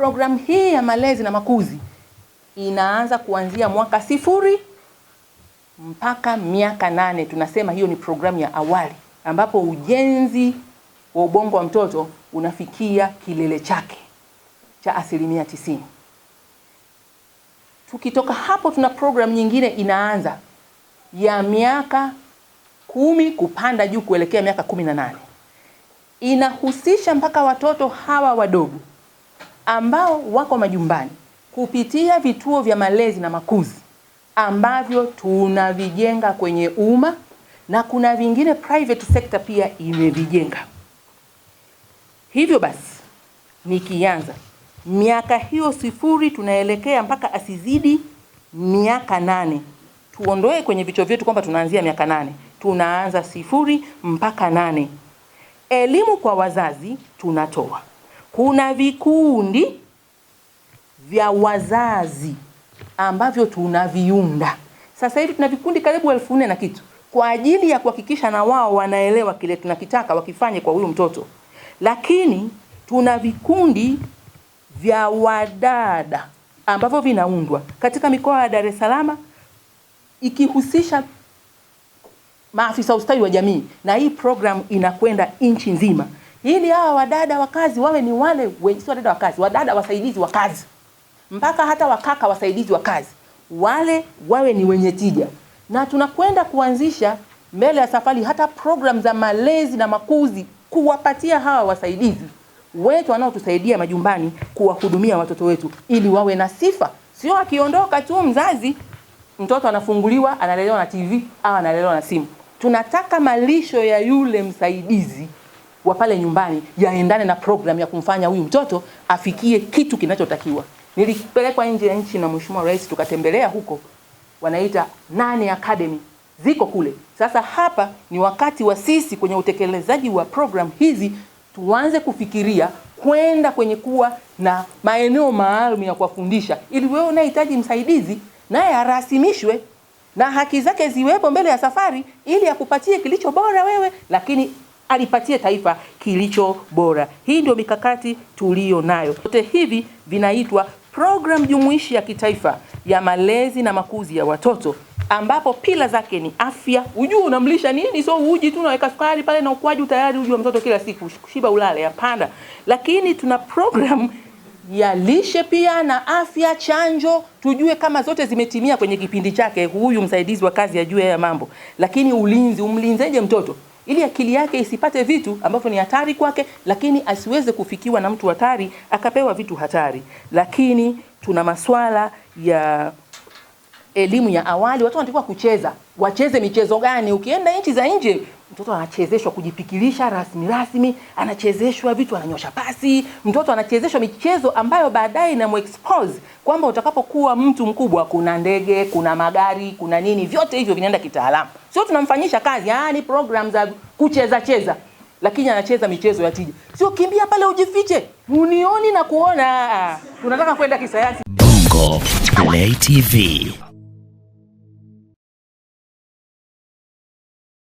Programu hii ya malezi na makuzi inaanza kuanzia mwaka sifuri mpaka miaka nane. Tunasema hiyo ni programu ya awali ambapo ujenzi wa ubongo wa mtoto unafikia kilele chake cha asilimia tisini. Tukitoka hapo, tuna programu nyingine inaanza ya miaka kumi kupanda juu kuelekea miaka kumi na nane. Inahusisha mpaka watoto hawa wadogo ambao wako majumbani kupitia vituo vya malezi na makuzi ambavyo tunavijenga kwenye umma na kuna vingine private sector pia imevijenga. Hivyo basi, nikianza miaka hiyo sifuri tunaelekea mpaka asizidi miaka nane, tuondoe kwenye vichwa vyetu kwamba tunaanzia miaka nane, tunaanza sifuri mpaka nane. Elimu kwa wazazi tunatoa kuna vikundi vya wazazi ambavyo tunaviunda sasa hivi. Tuna vikundi karibu elfu nne na kitu kwa ajili ya kuhakikisha na wao wanaelewa kile tunakitaka wakifanye kwa huyu mtoto, lakini tuna vikundi vya wadada ambavyo vinaundwa katika mikoa ya Dar es Salaam ikihusisha maafisa ustawi wa jamii, na hii program inakwenda nchi nzima ili hawa wadada wa kazi wawe ni wale wenye, sio wadada wa kazi, wadada wasaidizi wa kazi, mpaka hata wakaka wasaidizi wa kazi wale wawe ni wenye tija, na tunakwenda kuanzisha mbele ya safari hata program za malezi na makuzi kuwapatia hawa wasaidizi wetu wanaotusaidia majumbani kuwahudumia watoto wetu ili wawe na sifa, sio akiondoka tu mzazi mtoto anafunguliwa analelewa na TV au analelewa na simu. Tunataka malisho ya yule msaidizi wa pale nyumbani yaendane na program ya kumfanya huyu mtoto afikie kitu kinachotakiwa. Nilipelekwa nje ya nchi na Mheshimiwa Rais tukatembelea huko, wanaita Nane Academy ziko kule. Sasa hapa ni wakati wa sisi kwenye utekelezaji wa program hizi tuanze kufikiria kwenda kwenye kuwa na maeneo maalum ya kuwafundisha, ili wewe unahitaji msaidizi naye arasimishwe na haki zake ziwepo mbele ya safari, ili akupatie kilicho bora wewe, lakini alipatie taifa kilicho bora. Hii ndio mikakati tuliyo nayo. Vyote hivi vinaitwa programu jumuishi ya kitaifa ya malezi na makuzi ya watoto ambapo pila zake ni afya, ujue unamlisha nini, so uji tu unaweka sukari pale na ukwaju tayari, uji wa mtoto kila siku, shiba ulale, hapana. Lakini tuna programu ya lishe pia na afya, chanjo, tujue kama zote zimetimia kwenye kipindi chake, huyu msaidizi wa kazi ajue haya mambo. Lakini ulinzi, umlinzeje mtoto? ili akili yake isipate vitu ambavyo ni hatari kwake, lakini asiweze kufikiwa na mtu hatari akapewa vitu hatari. Lakini tuna maswala ya elimu ya awali, watu wanatakiwa kucheza. Wacheze michezo gani? Ukienda nchi za nje mtoto anachezeshwa kujipikilisha rasmi rasmi, anachezeshwa vitu, ananyosha pasi, mtoto anachezeshwa michezo ambayo baadaye inamexpose kwamba utakapokuwa mtu mkubwa, kuna ndege, kuna magari, kuna nini, vyote hivyo vinaenda kitaalamu. Sio tunamfanyisha kazi, yaani program za kucheza cheza, lakini anacheza michezo ya tija. Sio kimbia pale ujifiche, unioni na kuona. Tunataka kwenda kisayansi. Bongo Play TV.